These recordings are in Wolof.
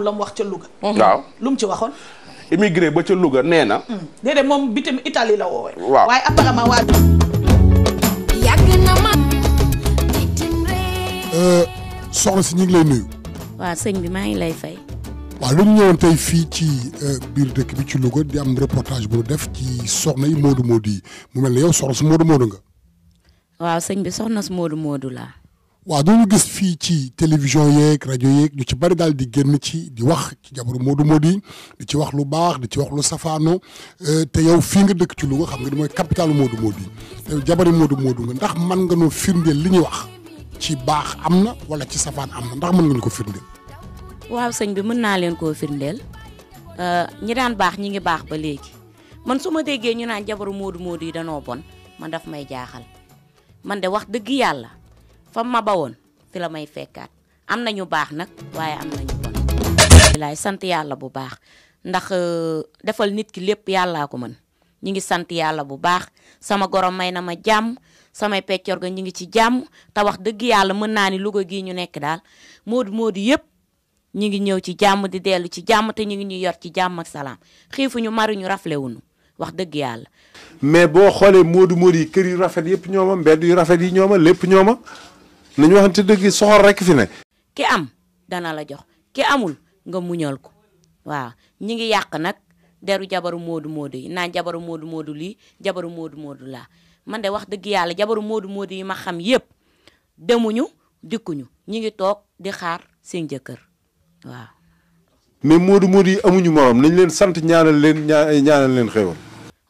am la wax ca Louga. Mhm. waaw lu ci waxoon. immigré ba ca Louga nee na. Hmm. déedéet moom bitim Italie la woowee. waaw waaye apparemment waa. yàgg na ma. Euh, soxna si ñu ngi lay nuyu. waaw sëñ bi maa ngi lay fay. waaw lu ñu ñëwoon tey fii ci euh, biir dëkk bi ci Louga di am reportage bu def ci soxna yi Modou Modou yi mu mel ne yow soxna su Modou Modou nga. waaw sëñ bi soxna su Modou Modou laa. waaw dooñu gis fii ci télévision yeeg rajo yeeg ñu ci bari daal di génn ci di wax ci jabaru Modou Modou yi di ci wax lu baax di ci wax lu safaano euh, te yow fii nga dëkk ci Louga xam nga ni mooy capitalu Modou Modou yi te jabari Modou ndax mën nga noo firndeel li ñuy wax ci baax am na wala ci safaan am na ndax mën ko firndeel. waaw sëñ bi mën naa leen koo firndeel euh, ñi daan baax ñi ngi baax ba léegi man su ma déggee ñu jabaru Modou Modou yi danoo bon man daf may jaaxal man de wax dëgg yàlla. fa ma bawoon fi la may fekkaat am nañu baax nag waaye am nañu bon laay sant yàlla bu baax ndax euh, defal nit ki lépp yàllaa ko mën ñi ngi sant yàlla bu baax sama gorom may na ma jàmm samay peccor ga ñi ngi ci jàmm te wax dëgg yàlla mën naa ni Louga gii ñu nekk daal moodu moodu yëpp ñi ngi ñëw ci jàmm di dellu ci jàmm te ñu ngi ñuy yor ci jàmm ak salaam xiifuñu maruñu raflewuñu wax dëgg yàlla mais boo xoolee moodu moodu yi kër yu rafet yëpp ñooma yu rafet yi ñooma lépp ñooma nañu waxante deug soxor rek fi ne. ki am dana la jox ki amul nga muñol ko waaw ñi ngi yàq nak deru jabaru modu modu yi na jabaru modu modu li jabaru modu modu la man de wax deug yalla jabaru modu modu yi ma xam yeb demuñu dikuñu ñi ngi tok di xaar seen jëkkër waaw. mais modu modu yi amuñu morom nañ leen sante ñaanal leen ñaanal leen xewal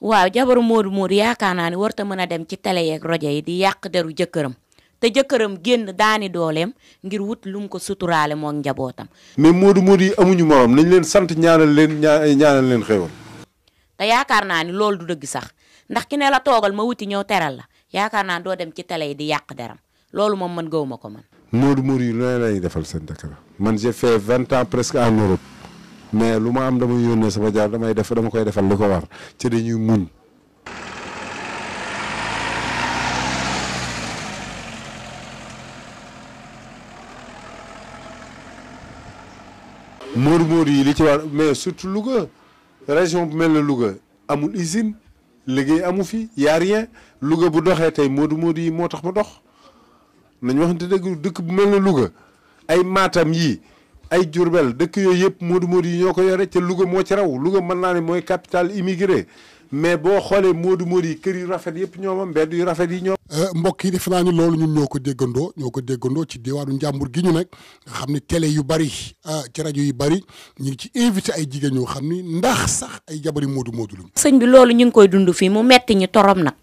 waaw jabaru modu modu yaakaar naa warta mëna dem ci télé yeeg rojé yi di deru jëkkëram. te jëkkëram génn daani dooleem ngir wut lum ko suturaale moom njabootam. mais Modou Modou yi amuñu morom nañ leen sant ñaanal leen ñaanal leen xéwal. te yaakaar naa ni loolu du dëgg sax ndax ki ne la toogal ma wuti ñëw teral la yaakaar naa doo dem ci télé yi di yàq deram loolu moom man gawuma ko man. Modou Modou yi looy lay defal seen dëkk man j'ai fait vingt ans presque en Europe mais lu ma am damay yónnee sama jaar damay def dama koy defal li ko war ci dañuy muñ. móor-móor yi li ci war mais surtout Louga région bu mel na Louga amul usine liggéey amu fi y a Louga bu doxee tey móor-móor yi moo tax mu dox nañu waxante dëgg dëkk bu mel na Louga ay Matam yi ay Diourbel dëkk yooyu yëpp móor-móor yi ñoo ko yore te Louga moo ci raw Louga mën naa ne mooy capitale immigré mais boo xoolee moodu moodu yi kër yu rafet yëpp ñooma mbedd yu rafet yi ñoom euh, mbokk yi defe naa ni loolu ñun ñoo ko déggandoo ñoo ko déggandoo ci diwaanu njàmbur gi ñu nekk nga xam ni télé yu bari euh, ci rajo yu bari ñu ci invité ay jigéen ñoo xam ni ndax sax ay jabari moodu moodu lu sëñ bi loolu ñu ngi koy dund fii mu metti ñu torop nag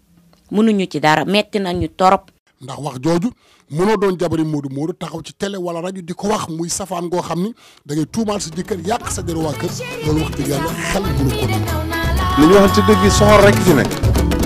mënuñu ci dara metti nañ ñu torop ndax wax jooju mënoo doon jabari moodu moodu taxaw ci télé wala rajo di ko wax muy safaan goo xam ni da ngay tuumaal sa jëkkër yàq sa deru waa kër loolu wax dëgg li ñu waxante dëgg soxor rek fi nekk